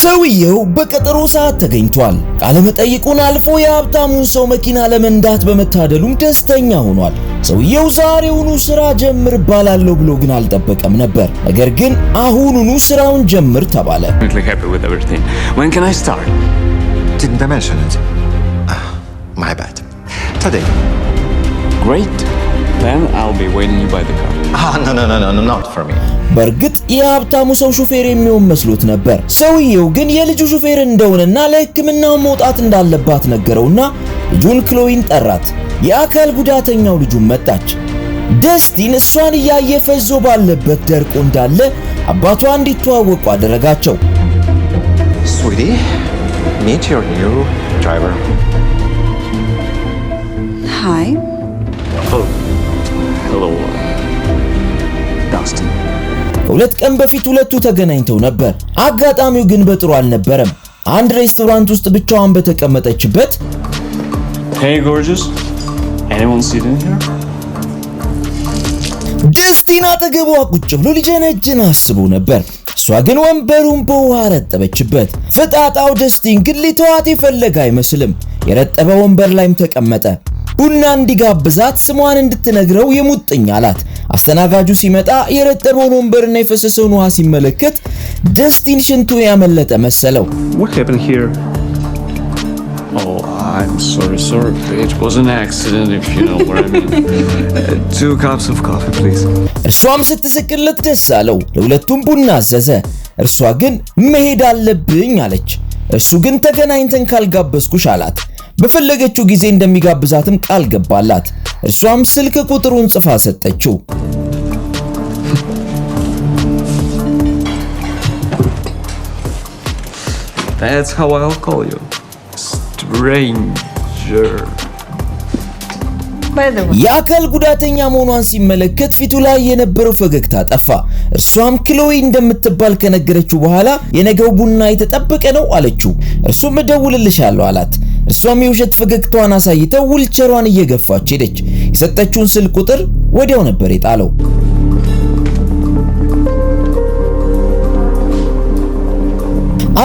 ሰውየው በቀጠሮ ሰዓት ተገኝቷል። ቃለመጠይቁን አልፎ የሀብታሙን ሰው መኪና ለመንዳት በመታደሉም ደስተኛ ሆኗል። ሰውየው ዛሬውኑ ስራ ጀምር እባላለሁ ብሎ ግን አልጠበቀም ነበር። ነገር ግን አሁኑኑ ስራውን ጀምር ተባለ። ማይ I mention ግሬት በእርግጥ የሀብታሙ ሰው ሹፌር የሚሆን መስሎት ነበር። ሰውየው ግን የልጁ ሹፌር እንደሆነና ለሕክምናው መውጣት እንዳለባት ነገረውና ልጁን ክሎይን ጠራት። የአካል ጉዳተኛው ልጁን መጣች። ደስቲን እሷን እያየ ፈዞ ባለበት ደርቆ እንዳለ አባቷ እንዲተዋወቁ አደረጋቸው። ስዊቲ ከሁለት ቀን በፊት ሁለቱ ተገናኝተው ነበር። አጋጣሚው ግን በጥሩ አልነበረም። አንድ ሬስቶራንት ውስጥ ብቻዋን በተቀመጠችበት ደስቲን አጠገቧ ቁጭ ብሎ ሊጀነጅን አስቦ ነበር። እሷ ግን ወንበሩን በውሃ ረጠበችበት። ፍጣጣው ጀስቲን ግን ሊተዋት የፈለገ አይመስልም። የረጠበ ወንበር ላይም ተቀመጠ። ቡና እንዲጋብዛት ስሟን እንድትነግረው የሙጥኝ አላት። አስተናጋጁ ሲመጣ የረጠበውን ወንበርና የፈሰሰውን ውሃ ሲመለከት ደስቲን ሽንቱ ያመለጠ መሰለው። እርሷም ስትስቅለት ደስ አለው። ለሁለቱም ቡና አዘዘ። እርሷ ግን መሄድ አለብኝ አለች። እሱ ግን ተገናኝተን ካልጋበዝኩሽ አላት። በፈለገችው ጊዜ እንደሚጋብዛትም ቃል ገባላት። እርሷም ስልክ ቁጥሩን ጽፋ ሰጠችው። That's how I'll call you. Stranger. የአካል ጉዳተኛ መሆኗን ሲመለከት ፊቱ ላይ የነበረው ፈገግታ ጠፋ። እርሷም ክሎይ እንደምትባል ከነገረችው በኋላ የነገው ቡና የተጠበቀ ነው አለችው። እርሱም እደውልልሻለሁ አላት። እርሷም የውሸት ፈገግታዋን አሳይተው ውልቸሯን እየገፋች ሄደች። የሰጠችውን ስልክ ቁጥር ወዲያው ነበር የጣለው።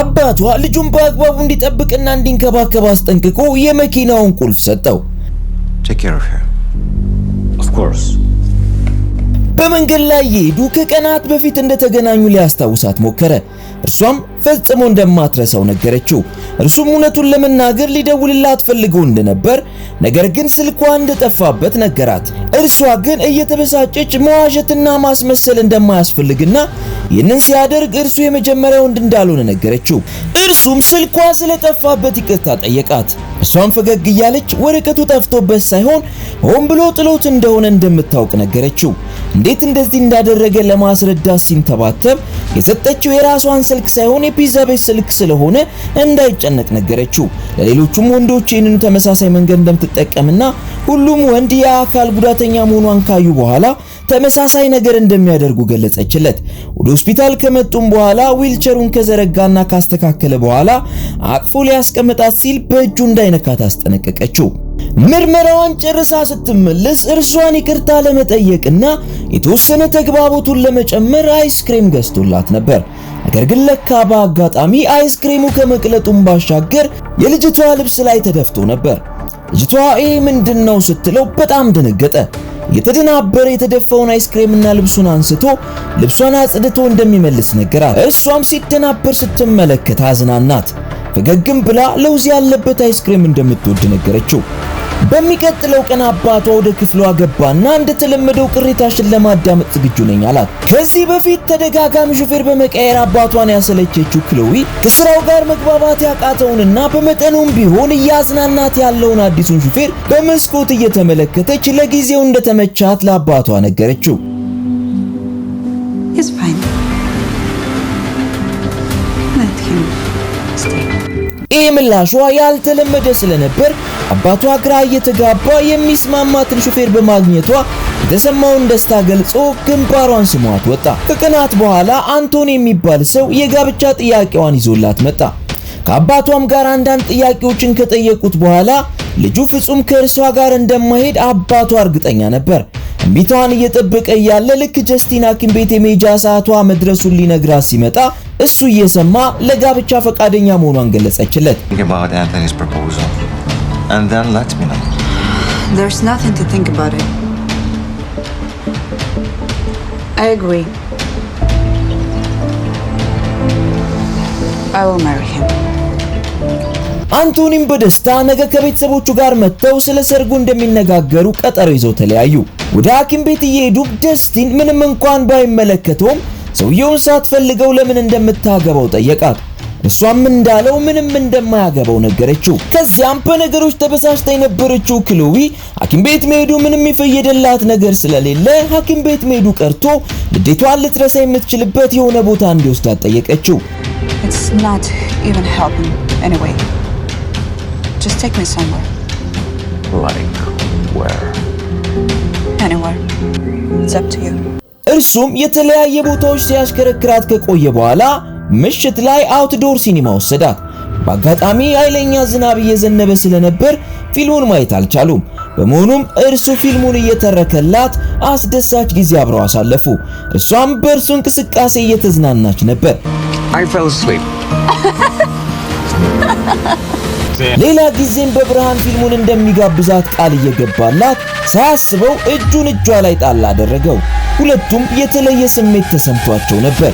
አባቷ ልጁን በአግባቡ እንዲጠብቅና እንዲንከባከብ አስጠንቅቆ የመኪናውን ቁልፍ ሰጠው። በመንገድ ላይ የሄዱ ከቀናት በፊት እንደተገናኙ ሊያስታውሳት ሞከረ። እርሷም ፈጽሞ እንደማትረሳው ነገረችው። እርሱም እውነቱን ለመናገር ሊደውልላት አትፈልገው እንደነበር ነገር ግን ስልኳ እንደጠፋበት ነገራት። እርሷ ግን እየተበሳጨች መዋሸትና ማስመሰል እንደማያስፈልግና ይህንን ሲያደርግ እርሱ የመጀመሪያው እንዳልሆነ ነገረችው። እሱም ስልኳ ስለጠፋበት ይቅርታ ጠየቃት። እሷም ፈገግ እያለች ወረቀቱ ጠፍቶበት ሳይሆን ሆን ብሎ ጥሎት እንደሆነ እንደምታውቅ ነገረችው። እንዴት እንደዚህ እንዳደረገ ለማስረዳት ሲንተባተብ የሰጠችው የራሷን ስልክ ሳይሆን የፒዛ ቤት ስልክ ስለሆነ እንዳይጨነቅ ነገረችው። ለሌሎቹም ወንዶች ይህንን ተመሳሳይ መንገድ እንደምትጠቀምና ሁሉም ወንድ የአካል ጉዳተኛ መሆኗን ካዩ በኋላ ተመሳሳይ ነገር እንደሚያደርጉ ገለጸችለት። ወደ ሆስፒታል ከመጡም በኋላ ዊልቸሩን ከዘረጋና ካስተካከለ በኋላ አቅፎ ሊያስቀምጣት ሲል በእጁ እንዳይነካት አስጠነቀቀችው። ምርመራዋን ጨርሳ ስትመለስ እርሷን ይቅርታ ለመጠየቅና የተወሰነ ተግባቦቱን ለመጨመር አይስክሬም ገዝቶላት ነበር። ነገር ግን ለካ በአጋጣሚ አይስክሬሙ ከመቅለጡም ባሻገር የልጅቷ ልብስ ላይ ተደፍቶ ነበር። ልጅቷ ይህ ምንድነው ስትለው በጣም ደነገጠ። የተደናበረ የተደፋውን አይስክሬምና ልብሱን አንስቶ ልብሷን አጽድቶ እንደሚመልስ ነገራት። እሷም ሲደናበር ስትመለከት አዝናናት። ፈገግም ብላ ለውዚ ያለበት አይስክሬም እንደምትወድ ነገረችው። በሚቀጥለው ቀን አባቷ ወደ ክፍሏ ገባና እንደተለመደው ቅሬታሽን ለማዳመጥ ዝግጁ ነኝ አላት። ከዚህ በፊት ተደጋጋሚ ሹፌር በመቀየር አባቷን ያሰለቸችው ክሎዊ ከስራው ጋር መግባባት ያቃተውንና በመጠኑም ቢሆን እያዝናናት ያለውን አዲሱን ሾፌር በመስኮት እየተመለከተች ለጊዜው እንደተመቻት ለአባቷ ነገረችው። ይህ ምላሿ ያልተለመደ ስለነበር አባቷ ግራ እየተጋባ የሚስማማትን ሹፌር በማግኘቷ የተሰማውን ደስታ ገልጾ ግንባሯን ስሟት ወጣ። ከቀናት በኋላ አንቶን የሚባል ሰው የጋብቻ ጥያቄዋን ይዞላት መጣ። ከአባቷም ጋር አንዳንድ ጥያቄዎችን ከጠየቁት በኋላ ልጁ ፍጹም ከእርሷ ጋር እንደማይሄድ አባቷ እርግጠኛ ነበር። እምቢታዋን እየጠበቀ እያለ ልክ ጀስቲን ሐኪም ቤት የመሄጃ ሰዓቷ መድረሱን ሊነግራት ሲመጣ እሱ እየሰማ ለጋብቻ ፈቃደኛ መሆኗን ገለጸችለት። and then let me know. There's nothing to think about it. I agree. I will marry him. አንቶኒም በደስታ ነገ ከቤተሰቦቹ ጋር መጥተው ስለ ሰርጉ እንደሚነጋገሩ ቀጠሮ ይዘው ተለያዩ። ወደ ሐኪም ቤት እየሄዱ ደስቲን ምንም እንኳን ባይመለከተውም ሰውየውን ሳትፈልገው ለምን እንደምታገባው ጠየቃት። እሷም እንዳለው ምንም እንደማያገባው ነገረችው። ከዚያም በነገሮች ተበሳጭታ የነበረችው ክሎዊ ሐኪም ቤት መሄዱ ምንም የፈየደላት ነገር ስለሌለ ሐኪም ቤት መሄዱ ቀርቶ ንዴቷን ልትረሳ የምትችልበት የሆነ ቦታ እንዲወስዳት ጠየቀችው። እርሱም የተለያየ ቦታዎች ሲያሽከረክራት ከቆየ በኋላ ምሽት ላይ አውትዶር ሲኒማ ወሰዳት። በአጋጣሚ ኃይለኛ ዝናብ እየዘነበ ስለነበር ፊልሙን ማየት አልቻሉም። በመሆኑም እርሱ ፊልሙን እየተረከላት አስደሳች ጊዜ አብረው አሳለፉ። እሷም በእርሱ እንቅስቃሴ እየተዝናናች ነበር። ሌላ ጊዜም በብርሃን ፊልሙን እንደሚጋብዛት ቃል እየገባላት ሳያስበው እጁን እጇ ላይ ጣል አደረገው። ሁለቱም የተለየ ስሜት ተሰምቷቸው ነበር።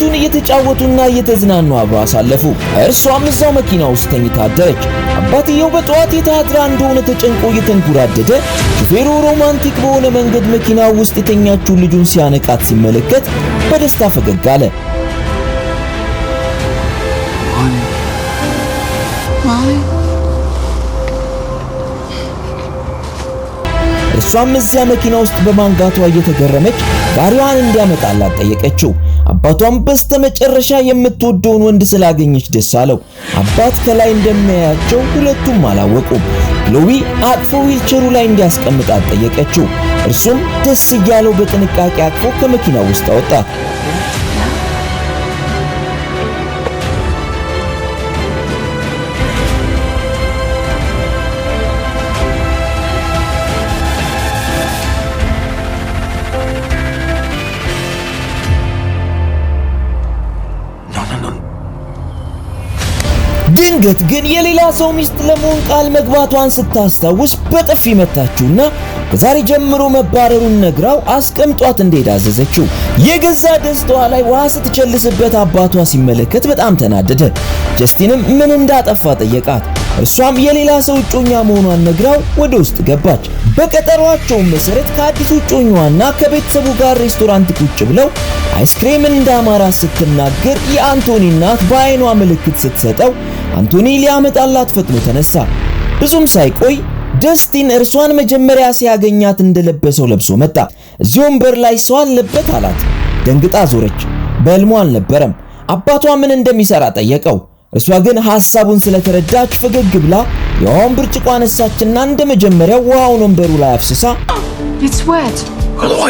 ምሽቱን እየተጫወቱና እየተዝናኑ አብረው አሳለፉ። እርሷም እዛው መኪና ውስጥ ተኝታ አደረች። አባትየው በጠዋት የታድራ እንደሆነ ተጨንቆ እየተንጎራደደ ሹፌሩ ሮማንቲክ በሆነ መንገድ መኪና ውስጥ የተኛችውን ልጁን ሲያነቃት ሲመለከት በደስታ ፈገግ አለ። እሷም እዚያ መኪና ውስጥ በማንጋቷ እየተገረመች ጋሪዋን እንዲያመጣላት ጠየቀችው። አባቷም በስተመጨረሻ የምትወደውን ወንድ ስላገኘች ደስ አለው። አባት ከላይ እንደሚያያቸው ሁለቱም አላወቁም። ሎዊ አቅፎ ዊልቸሩ ላይ እንዲያስቀምጣት ጠየቀችው። እርሱም ደስ እያለው በጥንቃቄ አቅፎ ከመኪናው ውስጥ አወጣት። ድንገት ግን የሌላ ሰው ሚስት ለመሆን ቃል መግባቷን ስታስታውስ በጥፊ መታችውና ከዛሬ ጀምሮ መባረሩን ነግራው አስቀምጧት እንደሄድ አዘዘችው። የገዛ ደስታዋ ላይ ውሃ ስትቸልስበት አባቷ ሲመለከት በጣም ተናደደ። ጀስቲንም ምን እንዳጠፋ ጠየቃት። እርሷም የሌላ ሰው እጮኛ መሆኗን ነግራው ወደ ውስጥ ገባች። በቀጠሯቸው መሰረት ከአዲሱ እጮኛዋና ከቤተሰቡ ጋር ሬስቶራንት ቁጭ ብለው አይስክሬም እንዳማራ ስትናገር የአንቶኒ እናት በአይኗ ምልክት ስትሰጠው አንቶኒ ሊያመጣላት ፈጥኖ ተነሳ። ብዙም ሳይቆይ ደስቲን እርሷን መጀመሪያ ሲያገኛት እንደለበሰው ለብሶ መጣ። እዚህ ወንበር ላይ ሰው አለበት አላት። ደንግጣ ዞረች። በልሞ አልነበረም። አባቷ ምን እንደሚሰራ ጠየቀው። እርሷ ግን ሐሳቡን ስለተረዳች ፈገግ ብላ የውሃውን ብርጭቆ አነሳችና እንደ መጀመሪያው ውሃውን ወንበሩ ላይ አፍስሳ oh,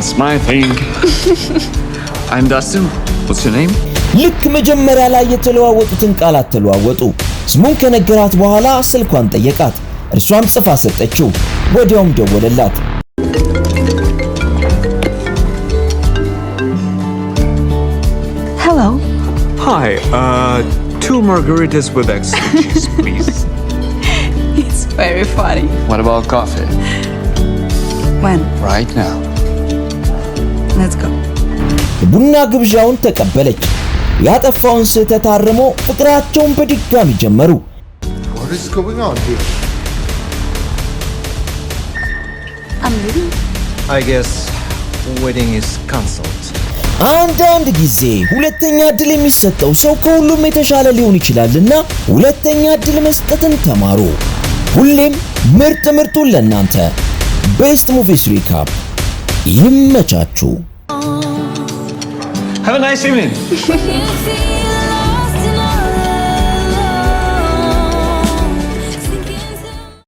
It's I'm Dustin. What's your name? ልክ መጀመሪያ ላይ የተለዋወጡትን ቃላት ተለዋወጡ። ስሙን ከነገራት በኋላ ስልኳን ጠየቃት። እርሷም ጽፋ ሰጠችው። ወዲያውም ደወለላት። Hello. Hi. Uh, two margaritas with extra cheese, please. It's very funny. What about coffee? When? Right now. Let's go. ቡና ግብዣውን ተቀበለች። ያጠፋውን ስህተት አርሞ ፍቅራቸውን በድጋሚ ጀመሩ። አንዳንድ ጊዜ ሁለተኛ እድል የሚሰጠው ሰው ከሁሉም የተሻለ ሊሆን ይችላልና ሁለተኛ እድል መስጠትን ተማሩ። ሁሌም ምርጥ ምርጡን ለእናንተ ቤስት ሙቪስ ሪካፕ ይመቻችሁ። Have a nice evening.